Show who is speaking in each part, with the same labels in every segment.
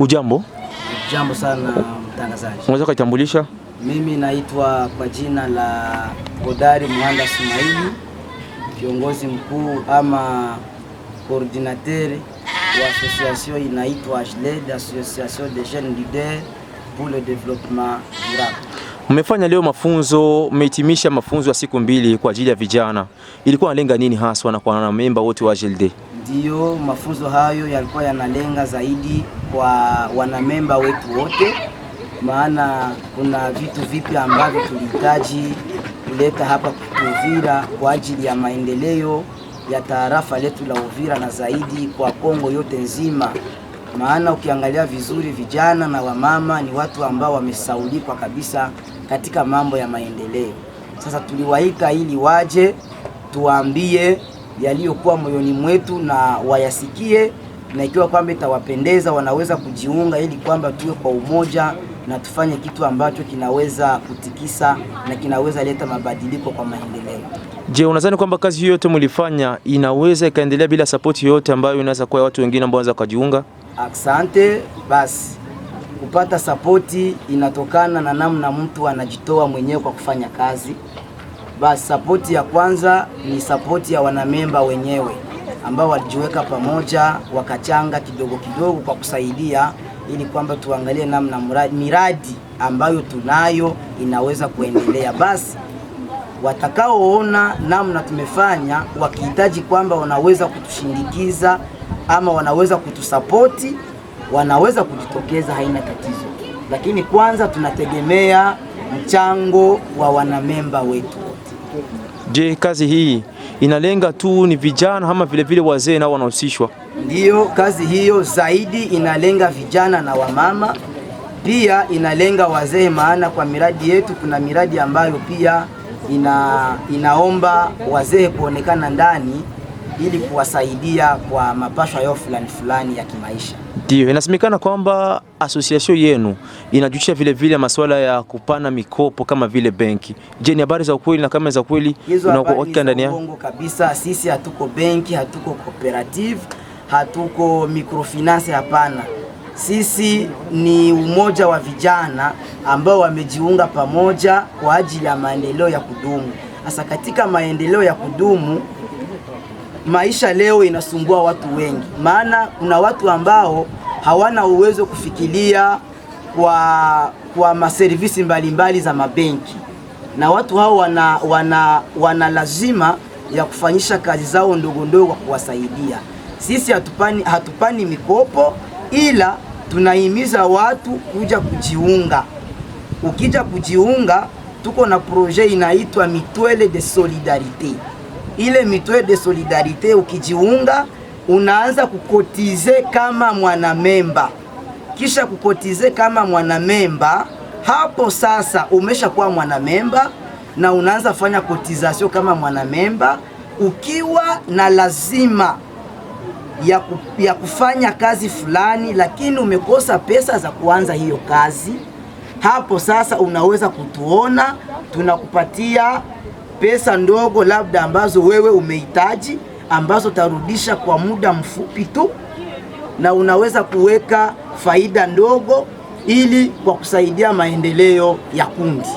Speaker 1: Ujambo.
Speaker 2: Jambo sana mtangazaji.
Speaker 1: Unaweza kujitambulisha?
Speaker 2: Mimi naitwa kwa jina la Godari Muhanda Sumaili, kiongozi mkuu ama coordinateur wa association inaitwa AJLED, Association des jeunes leaders pour le développement durable.
Speaker 1: Mmefanya leo mafunzo, mmehitimisha mafunzo ya siku mbili kwa ajili ya vijana. Ilikuwa nalenga nini haswa na kwa memba wote wa AJLED?
Speaker 2: ndio mafunzo hayo yalikuwa yanalenga zaidi kwa wanamemba wetu wote, maana kuna vitu vipya ambavyo tulihitaji kuleta hapa Uvira kwa ajili ya maendeleo ya tarafa letu la Uvira na zaidi kwa Kongo yote nzima. Maana ukiangalia vizuri, vijana na wamama ni watu ambao wamesaulikwa kabisa katika mambo ya maendeleo. Sasa tuliwaita ili waje tuwaambie yaliyokuwa moyoni mwetu na wayasikie, na ikiwa kwamba itawapendeza wanaweza kujiunga ili kwamba tuwe kwa umoja na tufanye kitu ambacho kinaweza kutikisa na kinaweza leta mabadiliko kwa maendeleo.
Speaker 1: Je, unadhani kwamba kazi hiyo yote mlifanya inaweza ikaendelea bila sapoti yoyote ambayo inaweza kuwa watu wengine ambao wanaweza kujiunga?
Speaker 2: Asante. Basi kupata sapoti inatokana na namna mtu anajitoa mwenyewe kwa kufanya kazi. Basi sapoti ya kwanza ni sapoti ya wanamemba wenyewe ambao walijiweka pamoja wakachanga kidogo kidogo kwa kusaidia, ili kwamba tuangalie namna miradi ambayo tunayo inaweza kuendelea. Basi watakaoona namna tumefanya, wakihitaji kwamba wanaweza kutushindikiza ama wanaweza kutusapoti, wanaweza kujitokeza, haina tatizo. Lakini kwanza tunategemea mchango wa wanamemba wetu.
Speaker 1: Je, kazi hii inalenga tu ni vijana ama vilevile wazee nao wanahusishwa?
Speaker 2: Ndiyo, kazi hiyo zaidi inalenga vijana na wamama, pia inalenga wazee, maana kwa miradi yetu kuna miradi ambayo pia ina, inaomba wazee kuonekana ndani ili kuwasaidia kwa mapasho yao fulani fulani ya kimaisha.
Speaker 1: Ndio inasemekana kwamba association yenu inajusha vile vile masuala ya kupana mikopo kama vile benki. Je, ni habari za ukweli na kama za ukweli unaokuoka ndani ya Kongo
Speaker 2: kabisa? Sisi hatuko benki, hatuko cooperative, hatuko microfinance, hapana. Sisi ni umoja wa vijana ambao wamejiunga pamoja kwa ajili ya maendeleo ya kudumu. Sasa katika maendeleo ya kudumu maisha leo inasumbua watu wengi, maana kuna watu ambao hawana uwezo kufikilia kwa, kwa maservisi mbalimbali za mabenki, na watu hao wana, wana, wana lazima ya kufanyisha kazi zao ndogo ndogo kwa kuwasaidia. Sisi hatupani, hatupani mikopo ila tunahimiza watu kuja kujiunga. Ukija kujiunga, tuko na projet inaitwa mitwele de Solidarite ile mitoe de solidarite ukijiunga unaanza kukotize kama mwanamemba. Kisha kukotize kama mwanamemba, hapo sasa umeshakuwa mwanamemba na unaanza fanya kotizasio kama mwanamemba, ukiwa na lazima ya, ku, ya kufanya kazi fulani, lakini umekosa pesa za kuanza hiyo kazi. Hapo sasa unaweza kutuona tunakupatia pesa ndogo labda ambazo wewe umehitaji ambazo utarudisha kwa muda mfupi tu, na unaweza kuweka faida ndogo ili kwa kusaidia maendeleo ya kundi.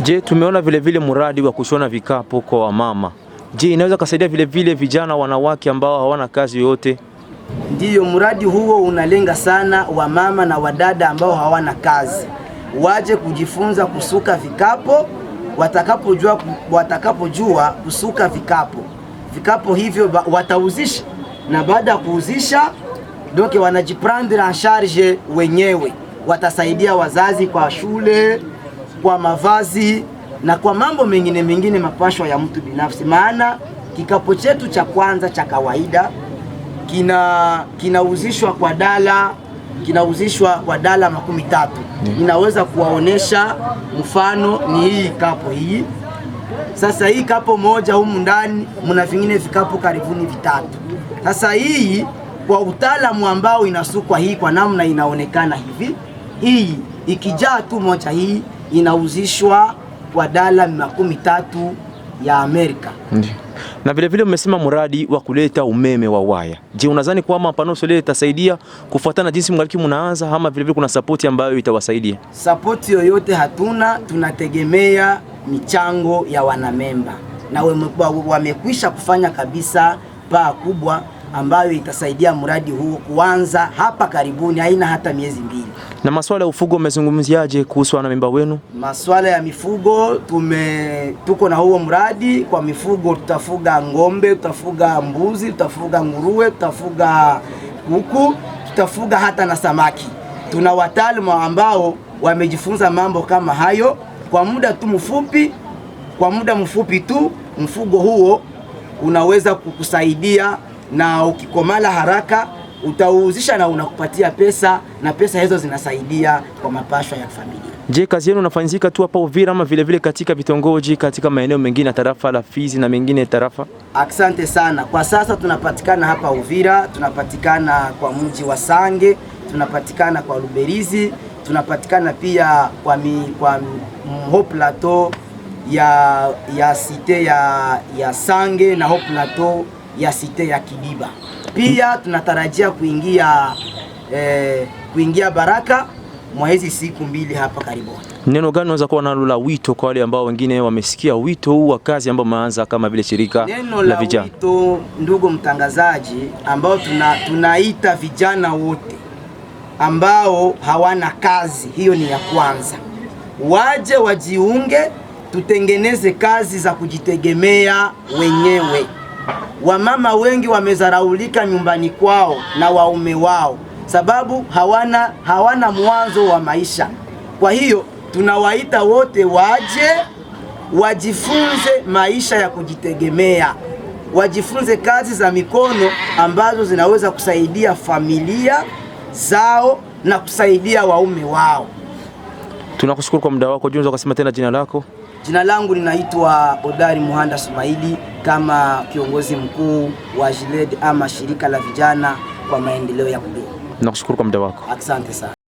Speaker 1: Je, tumeona vilevile mradi wa kushona vikapu kwa wamama. Je, inaweza kusaidia vilevile vijana wanawake ambao hawana kazi yoyote?
Speaker 2: Ndiyo, mradi huo unalenga sana wamama na wadada ambao hawana kazi, waje kujifunza kusuka vikapu watakapojua watakapojua kusuka vikapo vikapo hivyo watauzisha, na baada ya kuuzisha donc wanajiprendre en charge wenyewe, watasaidia wazazi kwa shule, kwa mavazi na kwa mambo mengine mengine, mapashwa ya mtu binafsi. Maana kikapo chetu cha kwanza cha kawaida kinauzishwa kwa dala kinauzishwa kwa dala makumi tatu. Inaweza kuwaonesha mfano, ni hii kapo hii. Sasa hii kapo moja humu ndani muna vingine vikapo karibuni vitatu. Sasa hii kwa utaalamu ambao inasukwa hii kwa namna inaonekana hivi, hii ikijaa tu moja hii inauzishwa kwa dala makumi tatu ya Amerika. Ndiyo
Speaker 1: na vilevile mmesema mradi wa kuleta umeme wa waya. Je, unadhani kwamba pano solar itasaidia kufuatana jinsi mgaliki mnaanza ama vilevile kuna sapoti ambayo itawasaidia?
Speaker 2: Sapoti yoyote hatuna, tunategemea michango ya wanamemba na wamekwisha kufanya kabisa paa kubwa ambayo itasaidia mradi huu kuanza hapa karibuni, haina hata miezi mbili.
Speaker 1: Na masuala ya ufugo umezungumziaje kuhusu mimba wenu?
Speaker 2: Masuala ya mifugo tume, tuko na huo mradi kwa mifugo, tutafuga ng'ombe, tutafuga mbuzi, tutafuga nguruwe, tutafuga kuku, tutafuga hata na samaki. Tuna wataalamu ambao wamejifunza mambo kama hayo kwa muda tu mfupi, kwa muda mfupi tu mfugo huo unaweza kukusaidia na ukikomala haraka utauzisha na unakupatia pesa na pesa hizo zinasaidia kwa mapashwa ya familia.
Speaker 1: Je, kazi yenu inafanyika tu hapa Uvira ama vilevile katika vitongoji katika maeneo mengine ya tarafa la Fizi na mengine tarafa?
Speaker 2: Asante sana. Kwa sasa tunapatikana hapa Uvira, tunapatikana kwa mji wa Sange, tunapatikana kwa Luberizi, tunapatikana pia kwa, mi, kwa mho plateau ya, ya site ya, ya Sange na ho plateau ya site ya Kidiba. Pia tunatarajia kuingia eh, kuingia Baraka mwezi siku mbili hapa karibuni.
Speaker 1: Neno gani unaweza kuwa nalo la wito kwa wale ambao wengine wamesikia wito huu wa kazi ambao umeanza kama vile shirika neno la vijana?
Speaker 2: Wito ndugu mtangazaji, ambao tuna, tunaita vijana wote ambao hawana kazi, hiyo ni ya kwanza, waje wajiunge, tutengeneze kazi za kujitegemea wenyewe. Wamama wengi wamezaraulika nyumbani kwao na waume wao, sababu hawana, hawana mwanzo wa maisha. Kwa hiyo tunawaita wote waje wajifunze maisha ya kujitegemea, wajifunze kazi za mikono ambazo zinaweza kusaidia familia zao na kusaidia waume wao.
Speaker 1: Tunakushukuru kwa muda wako. Junza, ukasema tena jina lako.
Speaker 2: Jina langu linaitwa odari Muhanda Sumaidi, kama kiongozi mkuu wa JILED ama shirika la vijana kwa maendeleo ya kudumu.
Speaker 1: Nakushukuru kwa muda wako,
Speaker 2: asante sana.